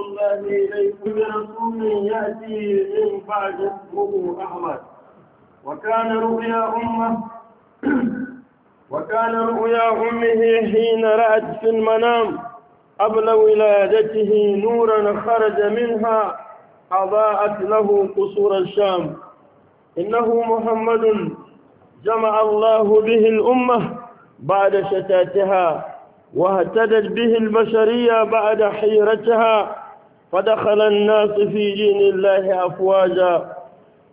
الله إليكم رسول يأتي من بعد أحمد وكان رؤيا أمه وكان رؤيا أمه حين رأت في المنام قبل ولادته نورا خرج منها أضاءت له قصور الشام إنه محمد جمع الله به الأمة بعد شتاتها واهتدت به البشرية بعد حيرتها فدخل الناس في دين الله أفواجا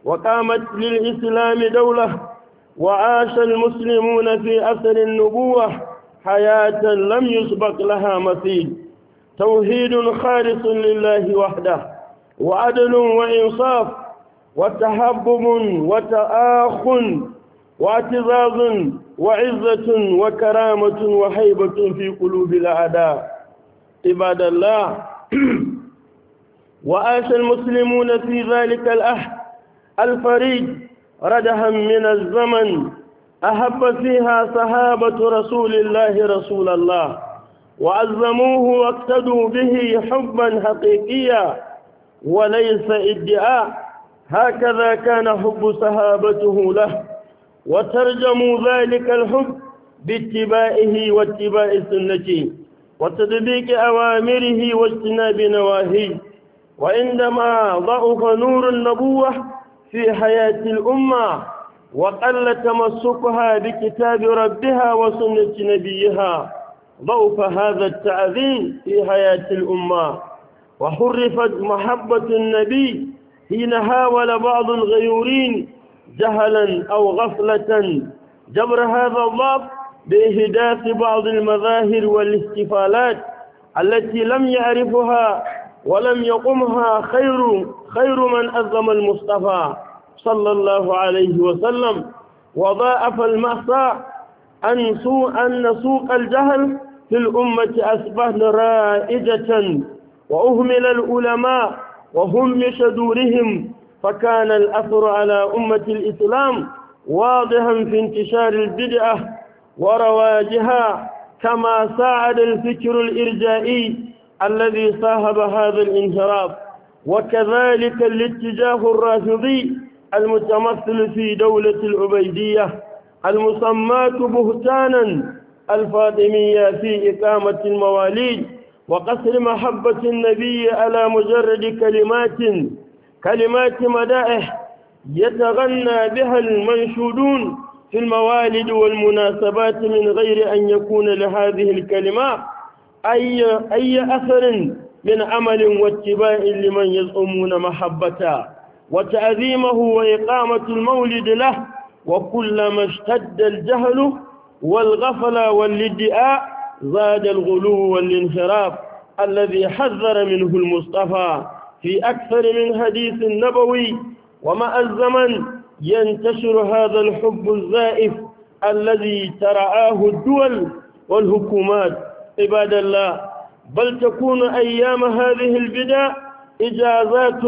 وقامت للإسلام دولة وعاش المسلمون في أثر النبوة حياة لم يسبق لها مثيل توحيد خالص لله وحده وعدل وإنصاف وتحبب وتآخ واعتزاز وعزة وكرامة وهيبة في قلوب الأعداء عباد الله وعاش المسلمون في ذلك الأحد الفريد ردها من الزمن أحب فيها صحابة رسول الله رسول الله وعظموه واقتدوا به حبا حقيقيا وليس ادعاء هكذا كان حب صحابته له وترجموا ذلك الحب باتباعه واتباع سنته وتطبيق أوامره واجتناب نواهيه وعندما ضعف نور النبوة في حياة الأمة وقل تمسكها بكتاب ربها وسنة نبيها ضعف هذا التعذيب في حياة الأمة وحرفت محبة النبي حين هاول بعض الغيورين جهلا أو غفلة جبر هذا الضعف بإهداف بعض المظاهر والاحتفالات التي لم يعرفها ولم يقمها خير خير من أظلم المصطفى صلى الله عليه وسلم وضاعف المأساة أن سوء أن سوق الجهل في الأمة أصبح رائجة وأهمل العلماء وهم دورهم فكان الأثر على أمة الإسلام واضحا في انتشار البدعة ورواجها كما ساعد الفكر الإرجائي الذي صاحب هذا الانحراف وكذلك الاتجاه الرافضي المتمثل في دولة العبيدية المسماة بهتانا الفاطمية في إقامة المواليد وقصر محبة النبي على مجرد كلمات كلمات مدائح يتغنى بها المنشودون في الموالد والمناسبات من غير أن يكون لهذه الكلمات أي أي أثر من عمل واتباع لمن يزعمون محبته وتعظيمه وإقامة المولد له وكلما اشتد الجهل والغفلة والادعاء زاد الغلو والانحراف الذي حذر منه المصطفى في أكثر من حديث نبوي ومع الزمن ينتشر هذا الحب الزائف الذي ترعاه الدول والحكومات عباد الله بل تكون أيام هذه البدع إجازات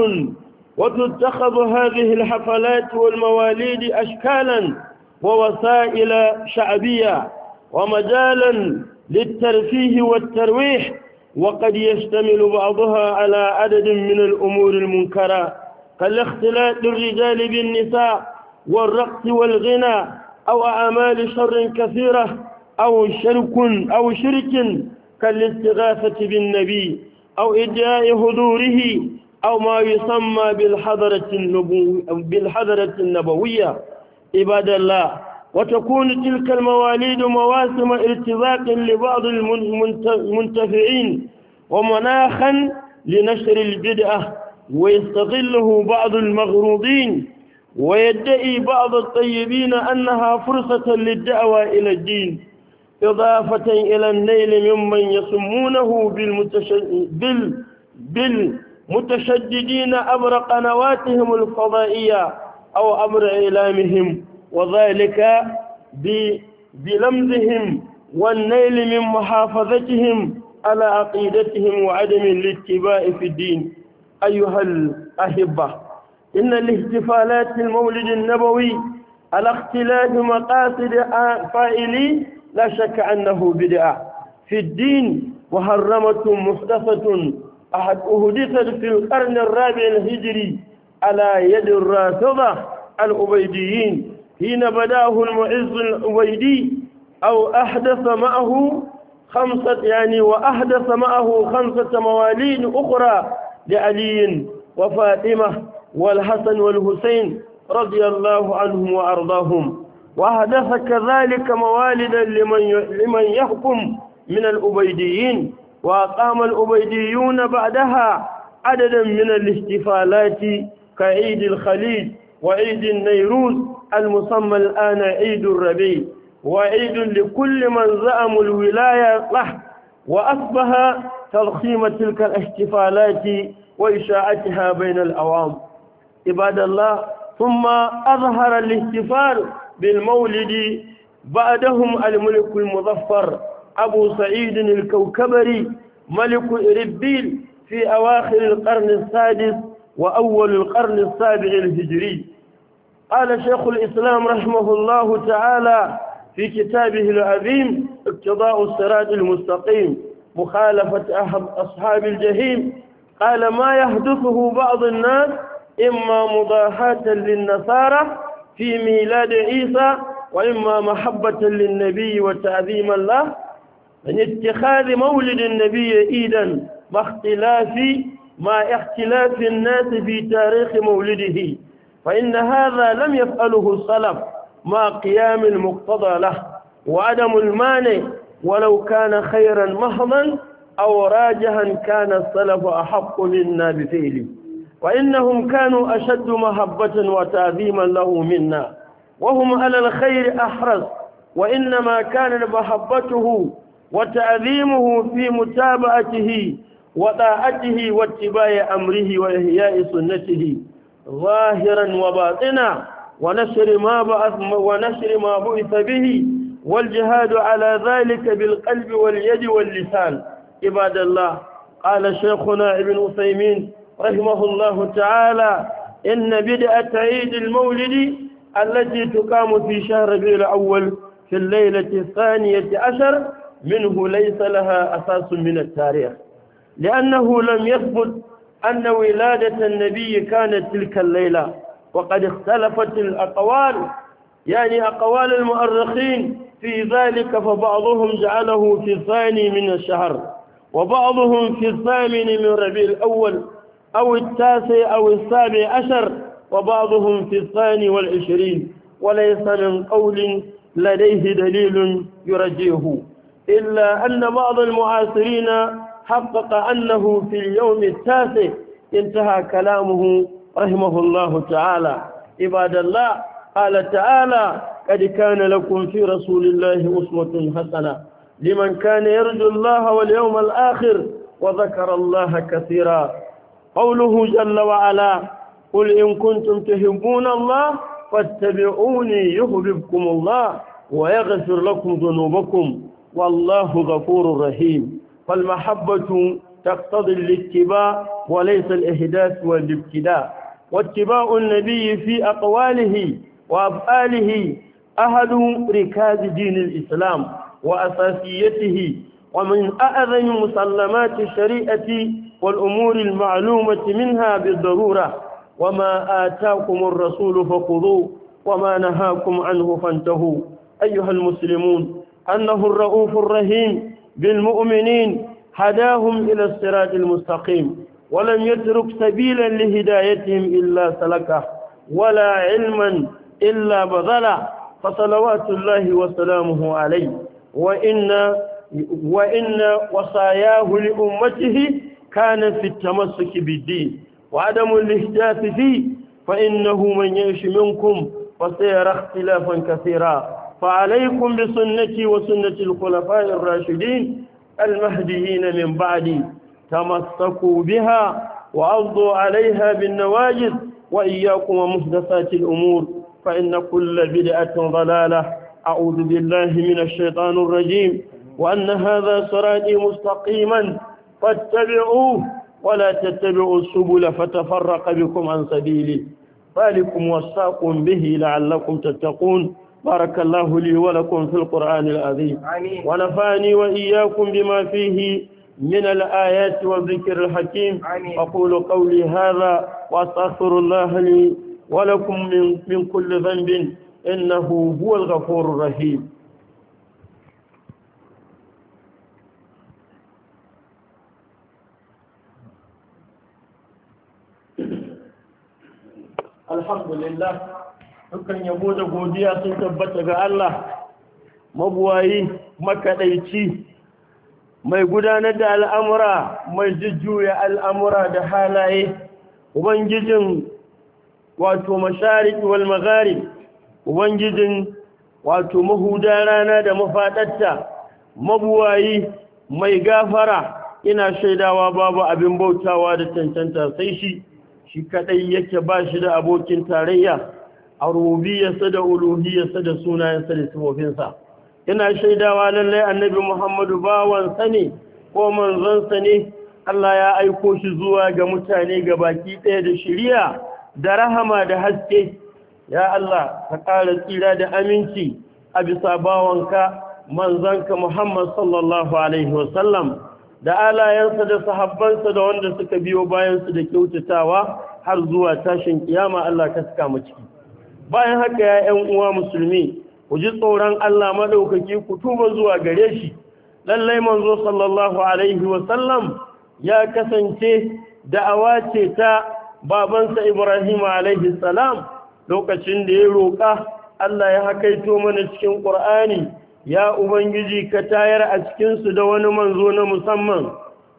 وتتخذ هذه الحفلات والمواليد أشكالا ووسائل شعبية ومجالا للترفيه والترويح وقد يشتمل بعضها على عدد من الأمور المنكرة كالاختلاط الرجال بالنساء والرقص والغنى أو أعمال شر كثيرة أو شرك أو شرك كالاستغاثة بالنبي أو إدعاء حضوره أو ما يسمى بالحضرة, النبو بالحضرة النبوية عباد الله وتكون تلك المواليد مواسم ارتباط لبعض المنتفعين ومناخا لنشر البدعة ويستغله بعض المغروضين ويدعي بعض الطيبين أنها فرصة للدعوة إلى الدين إضافة إلى النيل ممن يسمونه بالمتشددين أمر قنواتهم الفضائية أو أمر إعلامهم وذلك بلمزهم والنيل من محافظتهم على عقيدتهم وعدم الاتباع في الدين أيها الأحبة إن الاحتفالات المولد النبوي على اختلاف مقاصد فائلي لا شك أنه بدعة في الدين وهرمة محدثة أحدثت في القرن الرابع الهجري على يد الرافضة الأبيديين حين بداه المعز الأبيدي أو أحدث معه خمسة يعني وأحدث معه خمسة مواليد أخرى لعلي وفاطمة والحسن والحسين رضي الله عنهم وأرضاهم وأحدث كذلك موالدا لمن لمن يحكم من الأبيديين وأقام الأبيديون بعدها عددا من الاحتفالات كعيد الخليج وعيد النيروز المسمى الآن عيد الربيع وعيد لكل من زعم الولاية له وأصبح تضخيم تلك الاحتفالات وإشاعتها بين الأوام عباد الله ثم أظهر الاحتفال بالمولد بعدهم الملك المظفر أبو سعيد الكوكبري ملك إربيل في أواخر القرن السادس وأول القرن السابع الهجري قال شيخ الإسلام رحمه الله تعالى في كتابه العظيم اقتضاء الصراط المستقيم مخالفة أحد أصحاب الجحيم قال ما يحدثه بعض الناس إما مضاحاة للنصارى في ميلاد عيسى وإما محبة للنبي وتعظيم له من اتخاذ مولد النبي عيدا باختلاف ما اختلاف الناس في تاريخ مولده فإن هذا لم يفعله السلف مع قيام المقتضى له وعدم المانع ولو كان خيرا محضا أو راجها كان السلف أحق منا بفعله وإنهم كانوا أشد محبة وتعظيما له منا وهم على الخير أحرص وإنما كان محبته وتعظيمه في متابعته وطاعته واتباع أمره وإحياء سنته ظاهرا وباطنا ونشر ما بعث ونشر ما بعث به والجهاد على ذلك بالقلب واليد واللسان عباد الله قال شيخنا ابن عثيمين رحمه الله تعالى إن بدء عيد المولد التي تقام في شهر ربيع الأول في الليلة الثانية عشر منه ليس لها أساس من التاريخ لأنه لم يثبت أن ولادة النبي كانت تلك الليلة وقد اختلفت الأقوال يعني أقوال المؤرخين في ذلك فبعضهم جعله في الثاني من الشهر وبعضهم في الثامن من ربيع الأول أو التاسع أو السابع عشر وبعضهم في الثاني والعشرين وليس من قول لديه دليل يرجيه إلا أن بعض المعاصرين حقق أنه في اليوم التاسع انتهى كلامه رحمه الله تعالى عباد الله قال تعالى قد كان لكم في رسول الله أسوة حسنة لمن كان يرجو الله واليوم الآخر وذكر الله كثيرا قوله جل وعلا قل إن كنتم تحبون الله فاتبعوني يحببكم الله ويغفر لكم ذنوبكم والله غفور رحيم فالمحبة تقتضي الاتباع وليس الإهداث والابتداء واتباع النبي في أقواله وأفعاله أحد ركاز دين الإسلام وأساسيته ومن أعظم مسلمات الشريعة والأمور المعلومة منها بالضرورة وما آتاكم الرسول فخذوه وما نهاكم عنه فانتهوا أيها المسلمون أنه الرؤوف الرحيم بالمؤمنين هداهم إلى الصراط المستقيم ولم يترك سبيلا لهدايتهم إلا سلكه ولا علما إلا بذله فصلوات الله وسلامه عليه وإن وإن وصاياه لأمته كان في التمسك بالدين وعدم الاهتاف فيه فإنه من يعيش منكم فسيرى اختلافا كثيرا فعليكم بسنتي وسنة الخلفاء الراشدين المهديين من بعدي تمسكوا بها وأفضوا عليها بالنواجذ وإياكم ومحدثات الأمور فإن كل بدعة ضلالة أعوذ بالله من الشيطان الرجيم وأن هذا صراطي مستقيما فاتبعوه ولا تتبعوا السبل فتفرق بكم عن سبيلي ذلكم وصاكم به لعلكم تتقون بارك الله لي ولكم في القرآن العظيم ونفاني وإياكم بما فيه من الآيات والذكر الحكيم أقول قولي هذا وأستغفر الله لي ولكم من, من كل ذنب إنه هو الغفور الرحيم alhamdulillah dukkan yabo da godiya sun tabbata ga Allah mabuwayi makaɗaici mai gudanar da al'amura mai jujjuya al'amura da halaye ubangijin wato mashariki wal magharib ubangijin wato mahuda rana da mafaɗatta mabuwayi mai gafara ina shaidawa babu abin bautawa da cancanta sai shi shi kadai yake ba shi da abokin tarayya a rububiyarsa da uluhiyarsa da sunayensa da sifofinsa ina shaidawa lallai annabi muhammadu bawansa ne ko manzonsa ne Allah ya aiko shi zuwa ga mutane ga baki ɗaya da shirya da rahama da haske ya Allah ka ƙara tsira da aminci a bisa bawanka manzanka Muhammad sallallahu Alaihi wasallam da alayensa da sahabbansa da wanda suka biyo bayansu da kyautatawa har zuwa tashin kiyama Allah ka saka mu ciki bayan haka ya 'yan uwa musulmi ku ji tsoron Allah madaukaki ku tuba zuwa gare shi lallai manzo sallallahu alaihi wa sallam ya kasance da'awa ce ta babansa Ibrahim alaihi salam lokacin da ya roƙa Allah ya hakaito mana cikin Qur'ani ya ubangiji ka tayar a cikinsu da wani manzo na musamman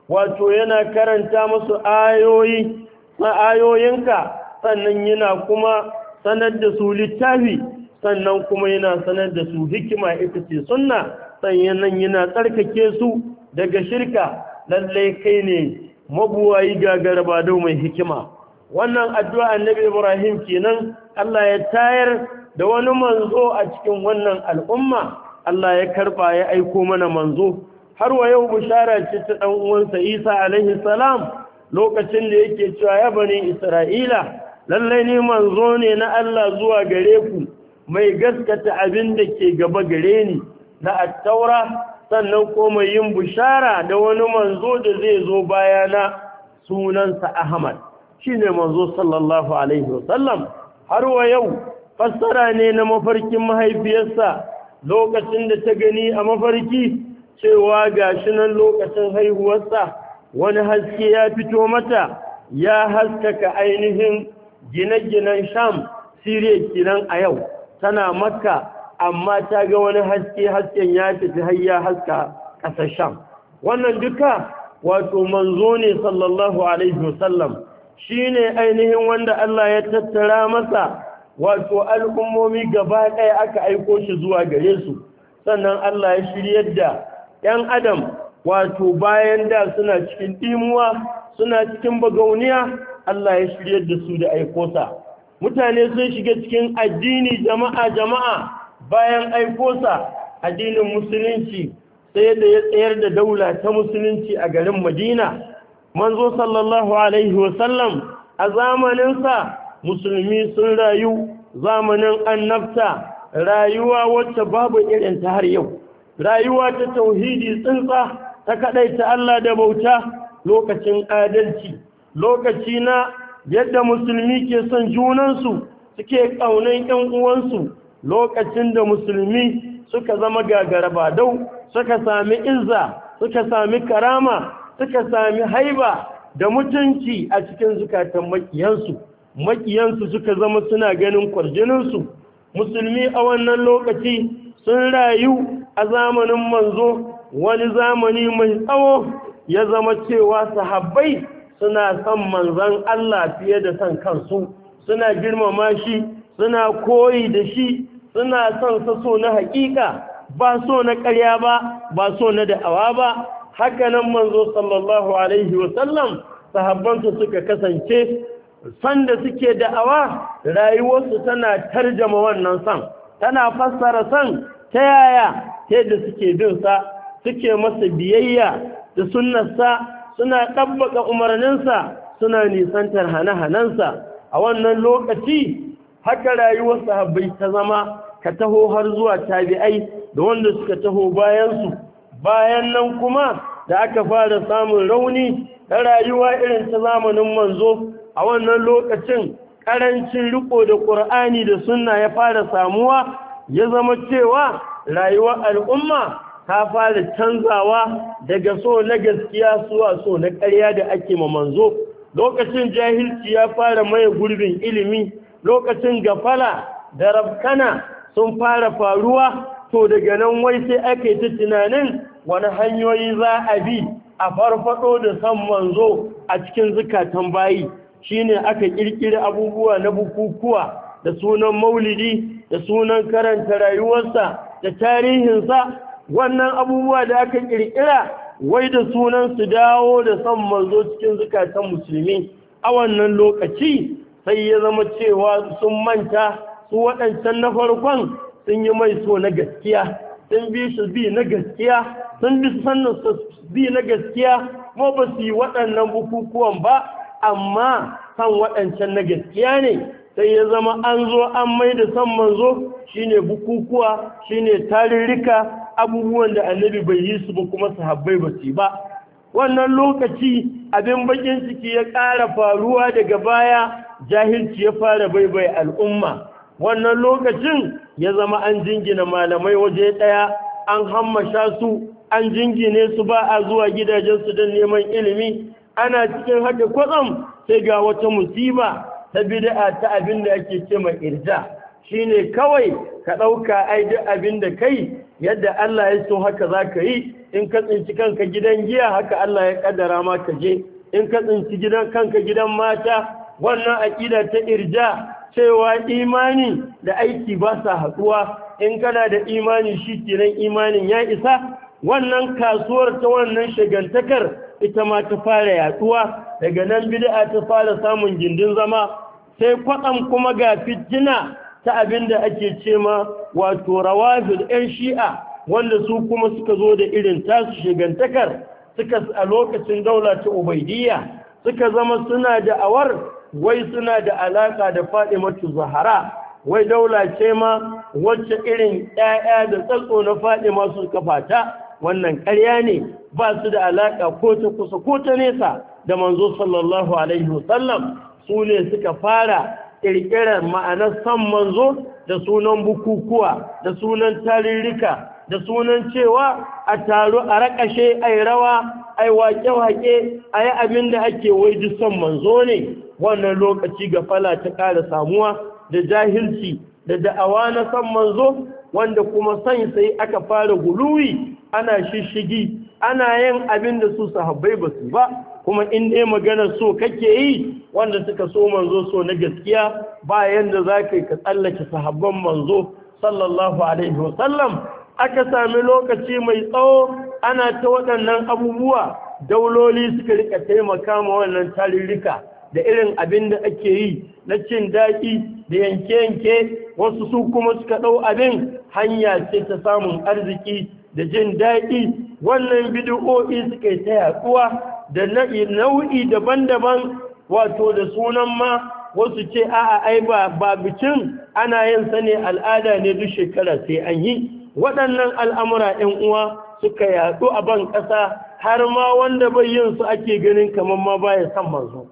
wato yana karanta musu ayoyi na ayoyinka sannan yana kuma sanar da su littafi sannan kuma yana sanar da su hikima ita ce sunna sannan yana tsarkake su daga shirka lallai kai ne mabuwayi gagaraba da mai hikima wannan addu'a annabi ibrahim kenan Allah ya tayar da wani manzo a cikin wannan al'umma Allah ya karba ya aiko mana manzo har wa yau bishara ce ta dan uwansa Isa alaihi salam lokacin da yake cewa ya bani Isra'ila lalle ne manzo ne na Allah zuwa gare ku mai gaskata abin da ke gaba gare ni na at-taura sannan ko yin bishara da wani manzo da zai zo bayana sunansa Ahmad shine manzo sallallahu alaihi wasallam har wa yau fassara ne na mafarkin mahaifiyarsa lokacin da ta gani a mafarki cewa shi nan lokacin haihuwarsa wani haske ya fito mata ya haskaka ainihin gine-ginen sham siriya kinan a yau tana maka amma ta ga wani haske hasken ya tafi hayya haska ƙasar sham wannan duka wato manzo ne sallallahu alaihi wasallam ne ainihin wanda Allah ya tattara masa wato al'ummomi gaba ɗaya aka aiko shi zuwa gare su sannan Allah ya shiryar da ‘yan adam wato bayan da suna cikin ɗimuwa suna cikin bagauniya Allah ya shiryar da su da aikosa mutane sun shiga cikin addini jama'a jama'a bayan aikosa addinin musulunci sai da ya tsayar da daula ta musulunci a garin madina manzo sallallahu alaihi wasallam a zamaninsa musulmi sun rayu zamanin annabta rayuwa wacce babu irin ta har yau rayuwa ta tauhidi tsuntsa ta ta Allah da bauta lokacin adalci lokaci na yadda musulmi ke son junansu suke ƙaunan ƴan uwansu lokacin da musulmi suka zama gagaraba dau suka sami izza suka sami karama suka sami haiba da mutunci a cikin zukatan makiyansu Maƙiyansu suka zama suna ganin kwarjininsu musulmi a wannan lokaci sun rayu a zamanin manzo wani zamani mai tsawo ya zama cewa sahabbai suna son manzan Allah fiye da son kansu suna girmama shi suna koyi da shi suna son sa so na haƙiƙa ba so na ƙarya ba ba so na da'awa ba haka nan manzo sallallahu alaihi wasallam sahabbansa suka kasance sanda suke da'awa rayuwarsu tana tarjama wannan san tana fassara san ta yaya yadda suke bin sa suke masa biyayya da sunnarsa suna ɗabbaka umarninsa suna nisantar hane-hanensa a wannan lokaci haka rayuwar sahabbai ta zama ka taho har zuwa tabi'ai da wanda suka taho bayansu bayan nan kuma da aka fara samun rauni ta rayuwa irin ta zamanin manzo a wannan lokacin ƙarancin riko da ƙur'ani da sunna ya fara samuwa ya zama cewa rayuwar al'umma ta fara canzawa daga so na gaskiya zuwa so na ƙarya da ake ma manzo lokacin jahilci ya fara maye gurbin ilimi lokacin gafala da rafkana sun fara faruwa to daga nan wai sai ake ta tunanin wani hanyoyi za a bi a farfado da san manzo a cikin zukatan bayi shine aka kirkiri abubuwa na bukukuwa da sunan maulidi da sunan karanta rayuwarsa da tarihinsa wannan abubuwa da aka ƙirƙira wai da sunan su dawo da san manzo cikin zukatan musulmi a wannan lokaci sai ya zama cewa sun manta su waɗancan na farkon sun yi mai so na gaskiya sun bi su bi na gaskiya sun bi sannan su bi na gaskiya kuma ba su yi waɗannan bukukuwan ba amma kan waɗancan na gaskiya ne sai ya zama an zo an mai da san manzo shine bukukuwa shine tarirrika abubuwan da annabi bai yi su ba kuma sahabbai ba su ba wannan lokaci abin bakin ciki ya ƙara faruwa daga baya jahilci ya fara baibai al'umma wannan lokacin ya zama an jingina malamai waje ɗaya an hammasha su an jingine su ba a zuwa gidajensu don neman ilimi ana cikin haka kwatsam sai ga wata musiba ta bid'a ta abin da ake ce mai irja shine kawai ka ɗauka ai duk abin da kai yadda Allah ya so haka za ka yi in ka tsinci kanka gidan giya haka Allah ya kaddara ma ka je in ka tsinci gidan kanka gidan mata wannan aƙida ta irja cewa imani da aiki ba sa haɗuwa in kana da imani shi kenan imanin ya isa wannan kasuwar ta wannan shagantakar ita ma ta fara yaduwa daga nan bid'a ta fara samun gindin zama sai kwatsam kuma ga fitina ta abinda ake cema wato rawafid ɗan shi'a wanda su kuma suka zo da irin tasu shigantakar suka a lokacin daula ta ubaidiyya suka zama suna da awar wai suna da alaka da fadimatu zahara wai daula ce ma wacce irin ɗaya da tsatso na fadima su kafata wannan ƙarya ne ba su da alaƙa ko ta kusa ko ta nesa da manzo sallallahu alaihi wasallam su ne suka fara ƙirƙirar ma'anar san manzo da sunan bukukuwa da sunan tarirrika da sunan cewa a taro a rakashe ai rawa ai waƙe-waƙe a yi abin da ake wai duk son manzo ne wannan lokaci ga fala ta ƙara samuwa da jahilci da da'awa na san manzo wanda kuma son sai aka fara guluwi ana shishigi ana yin abin da su sahabbai ba su ba kuma in dai maganar so kake yi wanda suka so manzo so na gaskiya ba yanda za ka yi ka tsallake sahabban manzo sallallahu alaihi wasallam aka sami lokaci mai tsawo ana ta waɗannan abubuwa dauloli suka rika taimaka ma wannan tarirrika da irin abin da ake yi na cin daɗi da yanke-yanke wasu su kuma suka ɗau abin hanya ce ta samun arziki da jin daɗi wannan bid'o'i suka yi ta yaduwa da nau'i daban-daban wato da sunan ma wasu ce a'a ai ba ba bikin ana yin sa ne al'ada ne duk shekara sai an yi waɗannan al'amura 'yan uwa suka yadu a ban ƙasa har ma wanda bai yin su ake ganin kamar ma baya san manzo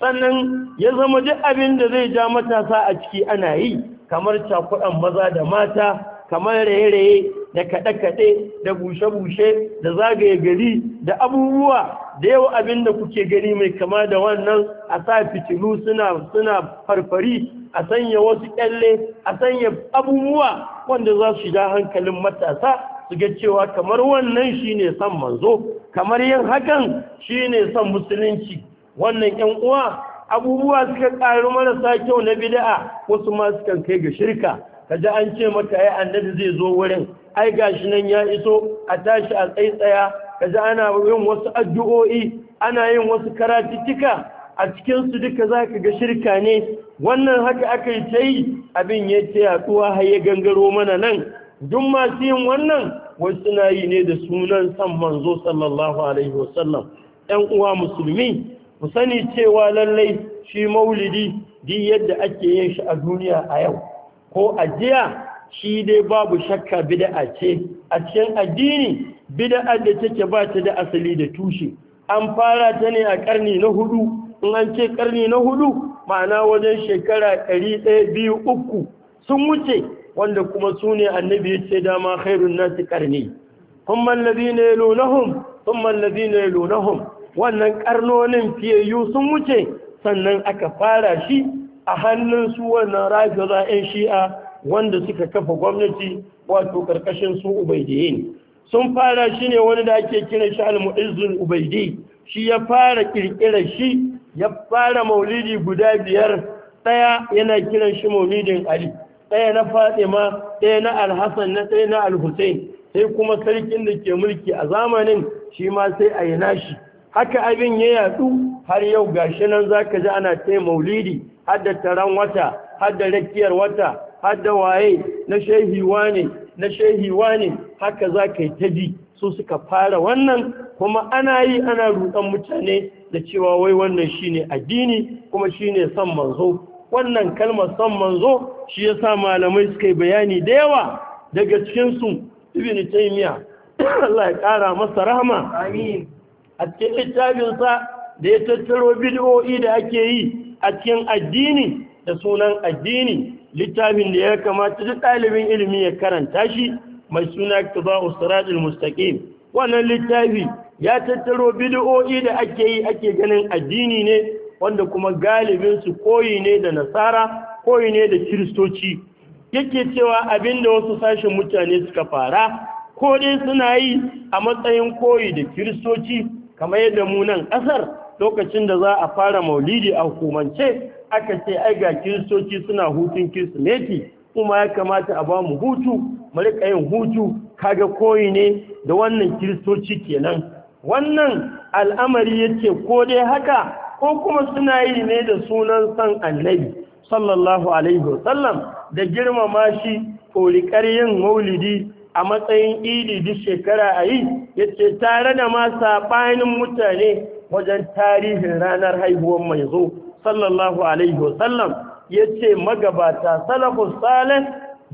sannan ya zama duk abin da zai ja matasa a ciki ana yi kamar cakuɗan maza da mata kamar raye-raye da kaɗe-kaɗe da bushe-bushe da zagaye gari da abubuwa da yau abin da kuke gani mai kama da wannan a sa fitilu suna suna farfari a sanya wasu kyalle a sanya abubuwa wanda za su shiga hankalin matasa su ga cewa kamar wannan shine son manzo kamar yin hakan shine son musulunci wannan 'yan uwa abubuwa suka ƙaru marasa kyau na bida'a wasu ma sukan kai ga shirka kaji an ce maka ai annabi zai zo wurin ai gashi nan ya iso a tashi a tsaitsaya kaji ana yin wasu addu'o'i ana yin wasu karatuttuka a cikin su duka zaka ga shirka ne wannan haka aka yi ta yi abin ya ce tsuwa har ya gangaro mana nan duk masu yin wannan wasu na ne da sunan san manzo sallallahu alaihi wasallam ɗan uwa musulmi ku sani cewa lallai shi maulidi duk yadda ake yin shi a duniya a yau ko ajiya shi dai babu shakka bid'a ce a cikin addini bid'a da take ba ta da asali da tushe an fara ta ne a karni na hudu in an ce karni na hudu ma'ana wajen shekara ɗari ɗaya biyu uku sun wuce wanda kuma su ne annabi ya ce dama khairun nasi karni ثم الذين يلونهم ثم الذين يلونهم wannan karnonin fiyayyu sun wuce sannan aka fara shi a hannun su wannan rafiza 'yan shi'a wanda suka kafa gwamnati wato karkashin su ubaidiyin sun fara shi ne wani da ake kiran shi al-mu'izzul ubaidi shi ya fara kirkirar shi ya fara maulidi guda biyar ɗaya yana kiran shi maulidin ali ɗaya na fatima ɗaya na alhassan na ɗaya na Al-Husayn sai kuma sarkin da ke mulki a zamanin shi ma sai a yi nashi haka abin ya yadu har yau gashi nan zaka ji ana ta maulidi hadda taron wata hadda rakiyar wata hadda waye na shehi wane na shehi wane haka za ka yi ta ji su suka fara wannan kuma ana yi ana rudan mutane da cewa wai wannan shine addini kuma shine san manzo wannan kalmar san manzo shi yasa malamai suka yi bayani da yawa daga cikin su ibn taymiya Allah ya kara masa rahama amin a cikin littafinsa da ya tattaro bid'o'i da ake yi a cikin addini da sunan addini littafin da ya kamata duk ɗalibin ilimi ya karanta shi mai suna kaba siratul mustaqim wannan littafi ya tattaro bid'o'i da ake yi ake ganin addini ne wanda kuma galibin su koyi ne da nasara koyi ne da kiristoci yake cewa abinda wasu sashen mutane suka fara ko dai suna yi a matsayin koyi da kiristoci kamar yadda mu nan ƙasar lokacin da za a fara maulidi a hukumance aka ce aiga kiristoci suna hutun kirsimeti kuma ya kamata a ba mu hutu malika yin hutu kaga koyi ne da wannan kiristoci kenan wannan al'amari yace ko dai haka ko kuma suna yi ne da sunan san annabi sallallahu alaihi wasallam da girmama shi ko yin maulidi a matsayin idi duk shekara a yi ya ce tare da ma saɓanin mutane wajen tarihin ranar haihuwar mai zo sallallahu alaihi wasallam ya ce magabata salafus salih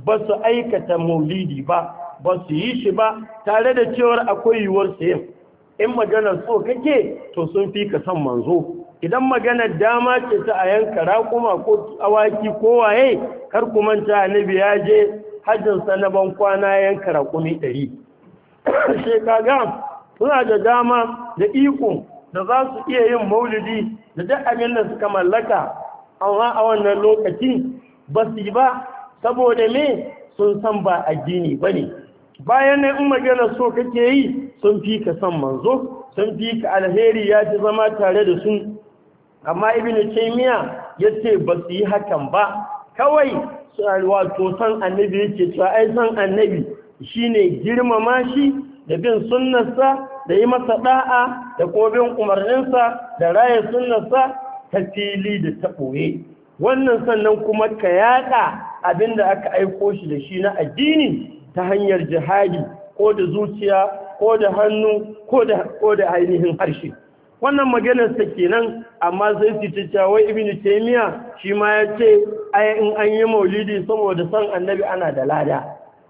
ba su aikata maulidi ba ba su yi shi ba tare da cewar akwai yiwuwar yin in maganar so kake to sun fi ka son manzo idan maganar dama ce ta a yanka raƙuma ko awaki ko waye kar ku manta annabi ya je hajjinsa na ban kwana yanka raƙumi ɗari shekaga suna da dama da iko da za su iya yin maulidi da duk abin da suka mallaka amma a wannan lokaci ba su yi ba saboda me sun san ba addini ba ne bayan nan in magana so kake yi sun fi ka san manzo sun fi ka alheri ya ci zama tare da su amma miya ya ce ba su yi hakan ba kawai wato san annabi yake cewa ai san annabi shine girmama shi da bin sunnarsa da yi masa da'a da kobin bin umarninsa da raya sunnarsa ta fili da ta ɓoye wannan sannan kuma ka yaɗa abin da aka aiko shi da shi na addini ta hanyar jihadi ko da zuciya ko da hannu ko da ainihin harshe wannan maganarsa kenan amma sai su ce cewa ibnu taymiya shi ma ya ce ai in an yi maulidi saboda son annabi ana da lada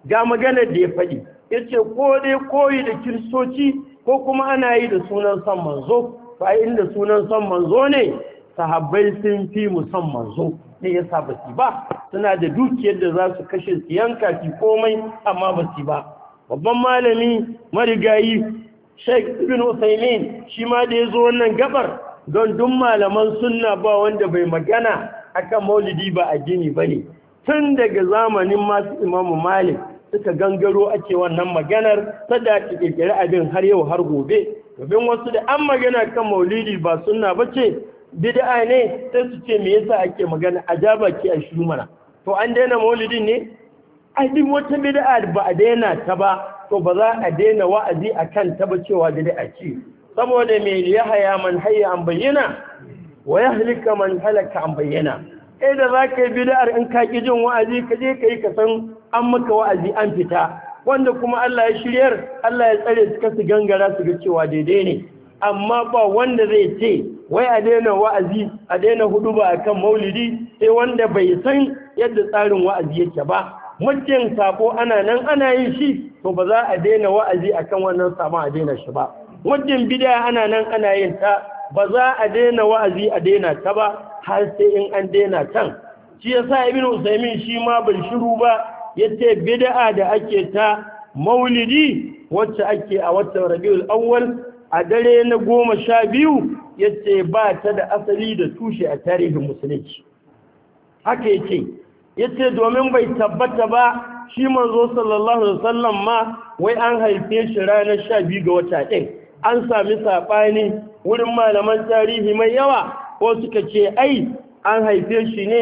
ga maganar da ya faɗi yace ko dai koyi da kiristoci ko kuma ana yi da sunan son manzo fa inda sunan son manzo ne sahabbai sun fi mu manzo ne yasa ba su ba suna da dukiyar da za su kashe su yanka ki komai amma ba su ba babban malami marigayi Sheikh ibn usaimin shi ma da ya zo wannan gabar don duk malaman sunna ba wanda bai magana akan maulidi ba gini ba ne tun daga zamanin masu imamu malik suka gangaro ake wannan maganar sada ake kirkiri abin har yau har gobe domin wasu da an magana kan maulidi ba sunna ba ce bid'a ne sai su ce me yasa ake magana a jaba ki a shi mana to an daina maulidin ne ai wata bid'a ba a daina ta ba to ba za a daina wa'azi akan ta ba cewa bid'a ce saboda me haya man hayya an bayyana wa yahlika man halaka an bayyana Eh da za ka yi bida'ar in ka ƙi jin wa'azi ka je ka yi ka san an maka wa'azi an fita wanda kuma Allah ya shiryar Allah ya tsare su kasu gangara su ga cewa daidai ne amma ba wanda zai ce wai a daina wa'azi a daina hudu ba a kan maulidi sai wanda bai san yadda tsarin wa'azi yake ba muddin sako ana nan ana yin shi to ba za a daina wa'azi akan wannan samu a daina shi ba muddin bid'a ana nan ana yin ta ba za a daina wa'azi a daina ta ba har sai in an daina tan shi yasa ibn usaymin shi ma bai shiru ba yace bid'a da ake ta maulidi wacce ake a watan rabiul awwal a dare na goma sha biyu yace ba ta da asali da tushe a tarihin musulunci haka yake yace domin bai tabbata ba shi manzo sallallahu alaihi wasallam ma wai an haife shi ranar 12 ga wata ɗin an sami sabani wurin malaman tarihi mai yawa ko suka ce ai an haife shi ne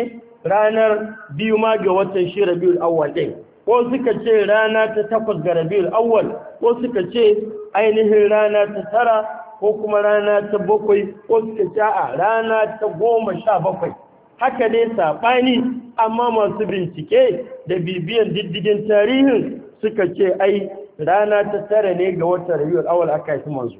ranar biyu ma ga watan shi rabiul awwal ɗin ko suka ce rana ta takwas ga rabiul awwal ko suka ce ainihin rana ta tara ko kuma rana ta bakwai ko suka ce a rana ta goma sha bakwai haka ne, saɓani amma masu bincike da bibiyan diddigin tarihin suka ce ai rana ta tare ne ga wata rayuwar awal aka yi manzo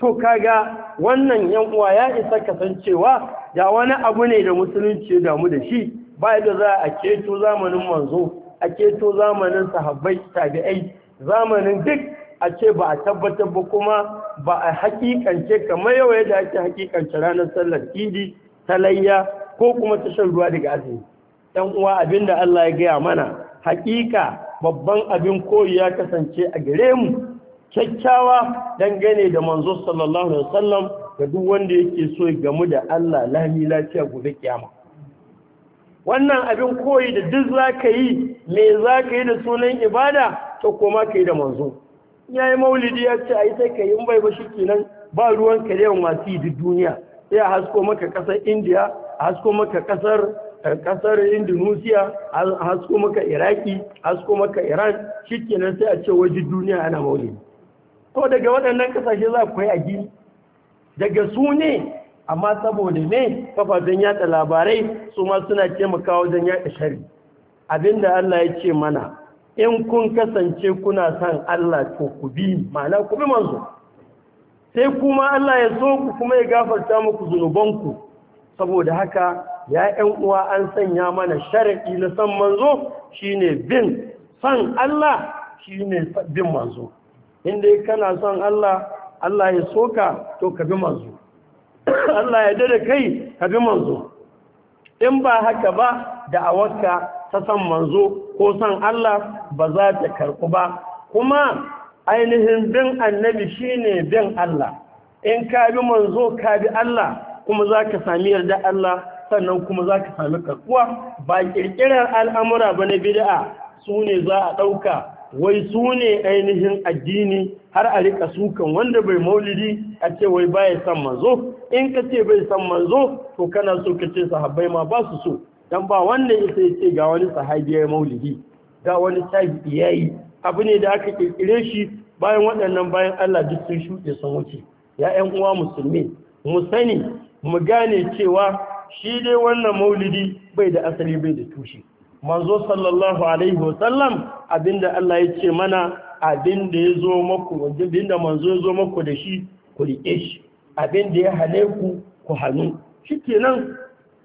to kaga wannan yan uwa ya isa kasancewa da wani abu ne da musulunci ya damu da shi ba da za a keto zamanin manzo a keto zamanin sahabbai tabi'ai zamanin duk a ce ba a tabbatar ba kuma ba a hakikance kamar yau yadda ake hakikance ranar sallar idi talayya ko kuma ta shan ruwa daga azumi ɗan uwa abin da Allah ya gaya mana hakika babban abin koyi ya kasance a gare mu kyakkyawa dangane da manzo sallallahu alaihi wasallam Da duk wanda yake so ya gamu da Allah lahi lafiya gobe kiyama wannan abin koyi da duk zaka yi me zaka yi da sunan ibada to koma kai da manzo yayi maulidi ya ce ai sai kai in bai ba shi shikenan ba ruwan kare masu yi duk duniya sai a hasko maka kasar indiya a hasko maka kasar kasar eh, indonesia a hasko maka iraki a hasko maka iran shikenan sai a ce waje duniya ana mauli to daga waɗannan kasashe za ku yi a gini daga su ne amma saboda ne kafafen yada labarai su ma suna taimakawa wajen yada shari abinda Allah ya ce mana in kun kasance kuna san Allah to ku bi ma'ana ku bi manzo sai kuma Allah ya so ku kuma ya gafarta muku zunubanku saboda haka ya ƴan uwa an sanya mana sharadi na san manzo shine bin san Allah shine bin manzo inda kana son Allah Allah ya soka to ka bi manzo Allah ya dade kai ka bi manzo in ba haka ba da a da'awarka ta san manzo ko san Allah ba za ta karɓu ba kuma ainihin bin annabi shi ne bin Allah in ka bi manzo ka bi Allah kuma za ka sami yarda Allah sannan kuma za ka sami karkuwa ba ƙirƙirar al'amura ba na bid'a su ne za a ɗauka wai su ne ainihin addini har a rika sukan wanda bai maulidi a ce wai baya san manzo in ka ce bai san manzo to kana so ka ce sahabbai ma ba su so Don ba wanda ya ce ga wani sahabiyar maulidi ga wani sahabi yi. abu ne da aka kirkire shi bayan waɗannan bayan Allah duk sun shuɗe sun wuce ya ƴan uwa musulmi mu sani mu gane cewa shi dai wannan maulidi bai da asali bai da tushe manzo sallallahu alaihi wasallam abinda Allah ya ce mana abinda ya zo maku abinda manzo ya zo mako da shi ku riƙe shi abinda ya hane ku ku hannu shikenan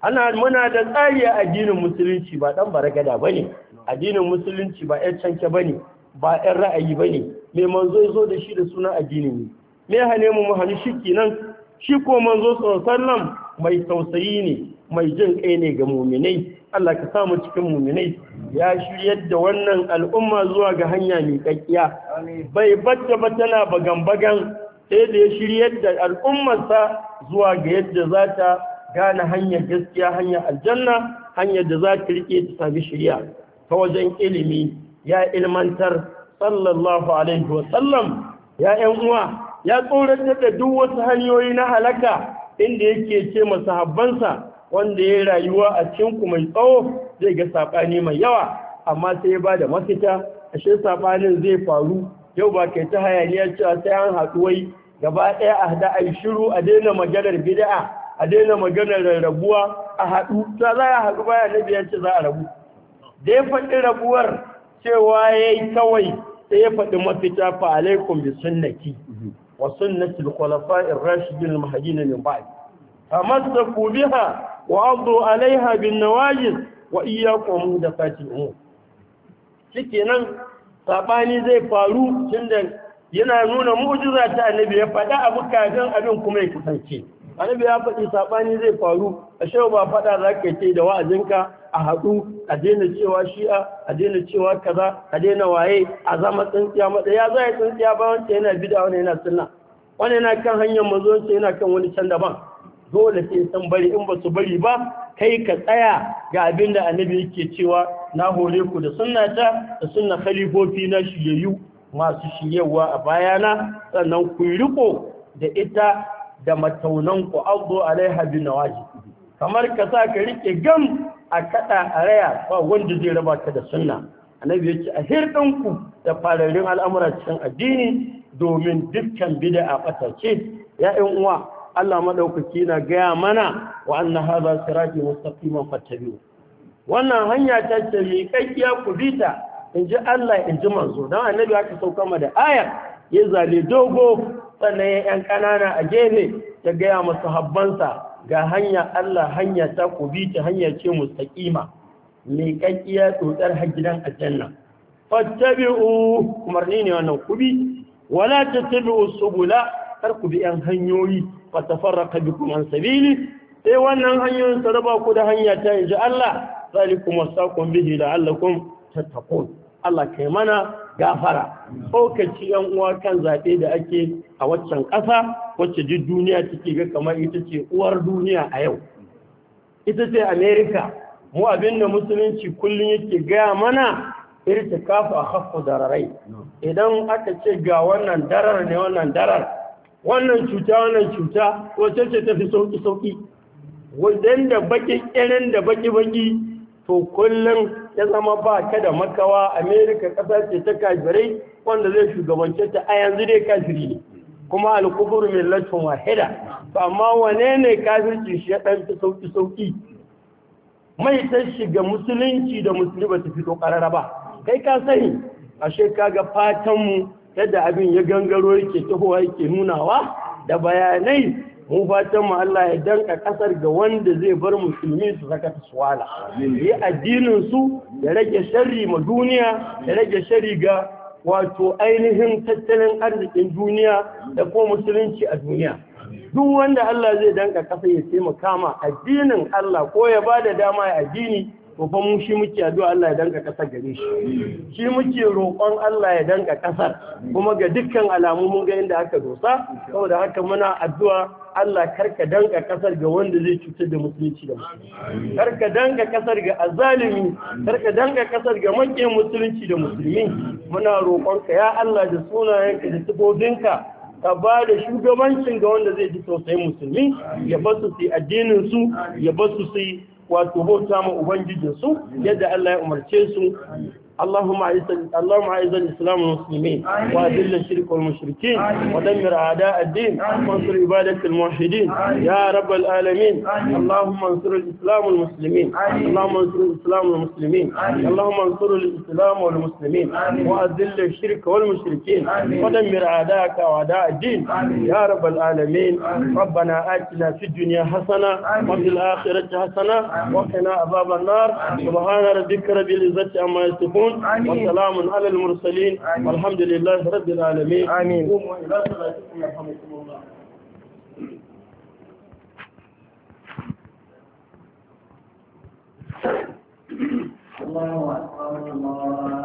ana muna da tsari a addinin musulunci ba dan baragada bane addinin musulunci ba ƴan canke bane ba 'yan ra'ayi ba ne mai manzo zo da shi da suna a addini ne me hane mu mahani shi nan? shi ko manzo sallam mai tausayi ne mai jin kai ne ga muminai Allah ka samu cikin muminai ya shiryar da wannan al'umma zuwa ga hanya mai kakkiya bai bata ba tana bagan-bagan sai da ya shiryar da al'ummarsa zuwa ga yadda za ta gane hanyar gaskiya hanyar aljanna hanyar da za ta rike ta sami shirya ta wajen ilimi ya ilmantar sallallahu alaihi wasallam ya ‘yan uwa ya tsoratar da duk wasu hanyoyi na halaka inda yake ce masahabbansa wanda ya rayuwa a ku mai tsawo zai ga saɓani mai yawa amma sai ya bada da mafita ashe sabanin zai faru yau ba kai ta hayaniya cewa sai an haɗu wai gaba ɗaya a da a shiru a daina maganar bid'a a daina maganar rarrabuwa a haɗu za a haɗu baya na biyar ce za a rabu da ya faɗi rabuwar cewa ya yi kawai sai ya faɗi mafita fa bi sunnaki wa sunnati al-khulafa'i bin mahaji na mahdiyyin a masu kubi biha wa addu 'alayha bin nawajin wa da fati al-umur nan saɓani zai faru da yana nuna mu'jiza ta annabi ya faɗa abu kafin abin kuma ya kusance annabi ya faɗi saɓani zai faru ashe ba faɗa zaka ce da wa'azinka a haɗu a daina cewa shi'a a daina cewa kaza a daina waye a zama tsintsiya matsa ya za a tsintsiya ba wancan yana bida wani yana sunna wani yana kan hanyar mazo wancan yana kan wani can daban dole sai san bari in ba su bari ba kai ka tsaya ga abin da annabi yake cewa na hore ku da sunna ta da sunna khalifofi na shiyayyu masu shiyawa a bayana sannan ku riko da ita da mataunan ku abdu alaiha bin nawaji kamar ka sa ka rike gam a kada a raya ba wanda zai raba ta da sunna annabi yake a hirɗinku da fararin al'amuran cikin addini domin dukkan bid'a bata ce ya ɗan uwa Allah madaukaki na gaya mana wa anna hadha sirati mustaqima fattabi'u wannan hanya ta ce mi kakkiya ku bita inji Allah inji manzo dan annabi aka sauka ma da aya ya zale dogo sannan ya ƙanana a gefe ya gaya masu habbansa ga hanya Allah hanya ta ku bi ta hanya ce mustaqima mai kakkiya tsotsar har gidan aljanna fattabi'u umarni ne wannan ku bi wala tattabi'u subula kar ku bi yan hanyoyi fa bi bikum an sabili sai wannan hanyoyin ta raba ku da hanya ta inji Allah zalikum wasaqum bihi la'allakum tattaqun Allah kai mana gafara ɗaukaci yan uwa kan zaɓe da ake a waccan ƙasa wacce duk duniya take ga kamar ita ce uwar duniya a yau ita ce america mu abin da musulunci kullum yake gaya mana kafa a haƙƙo dararai idan aka ce ga wannan darar ne wannan darar wannan cuta wannan cuta wacce ce tafi sauƙi sauƙi wajen da baƙi ƙirin da baƙi baƙi to kullum ya zama ba ka da makawa amerika kasa ce ta kafirai wanda zai shugabance ta a yanzu dai kafiri ne kuma mai millatun wahida to amma wane ne kafirci shi ya ɗan fi sauki sauki mai ta shiga musulunci da musulmi ba ta fito ƙarara ba kai ka sani ashe kaga fatanmu yadda abin ya gangaro yake tahowa yake nunawa da bayanai mu fatan mu Allah ya danka kasar ga wanda zai bar musulmi su saka taswala yi addinin su ya rage sharri ma duniya ya rage sharri ga wato ainihin tattalin arzikin duniya da ko musulunci a duniya duk wanda Allah zai danka kasa ya taimaka ma addinin Allah ko ya bada dama ya addini to fa mu shi muke addu'a Allah ya danka kasar gare shi shi muke roƙon Allah ya danka kasar kuma ga dukkan alamu mun ga inda aka dosa saboda haka muna addu'a Allah karka danka kasar ga wanda zai cutar da musulunci da musulmi karka danka kasar ga azalimi karka danka kasar ga makiyin musulunci da musulmi muna ka ya Allah da sunayen ka da sifofinka ka ba da shugabancin ga wanda zai ji tausayin musulmi ya basu su addinin su ya basu su wato bauta ma ubangijinsu yadda Allah ya umarce su اللهم اعز اللهم اعز الاسلام والمسلمين واذل الشرك والمشركين ودمر اعداء الدين وانصر عبادك الموحدين يا رب العالمين اللهم انصر الاسلام والمسلمين اللهم انصر الاسلام والمسلمين اللهم انصر الاسلام والمسلمين واذل الشرك والمشركين ودمر اعداءك واعداء الدين يا رب العالمين ربنا آتنا في الدنيا حسنة وفي الآخرة حسنة وقنا عذاب النار سبحان ربك رب العزة عما يصفون آمين وسلام على المرسلين والحمد لله رب العالمين آمين الله الله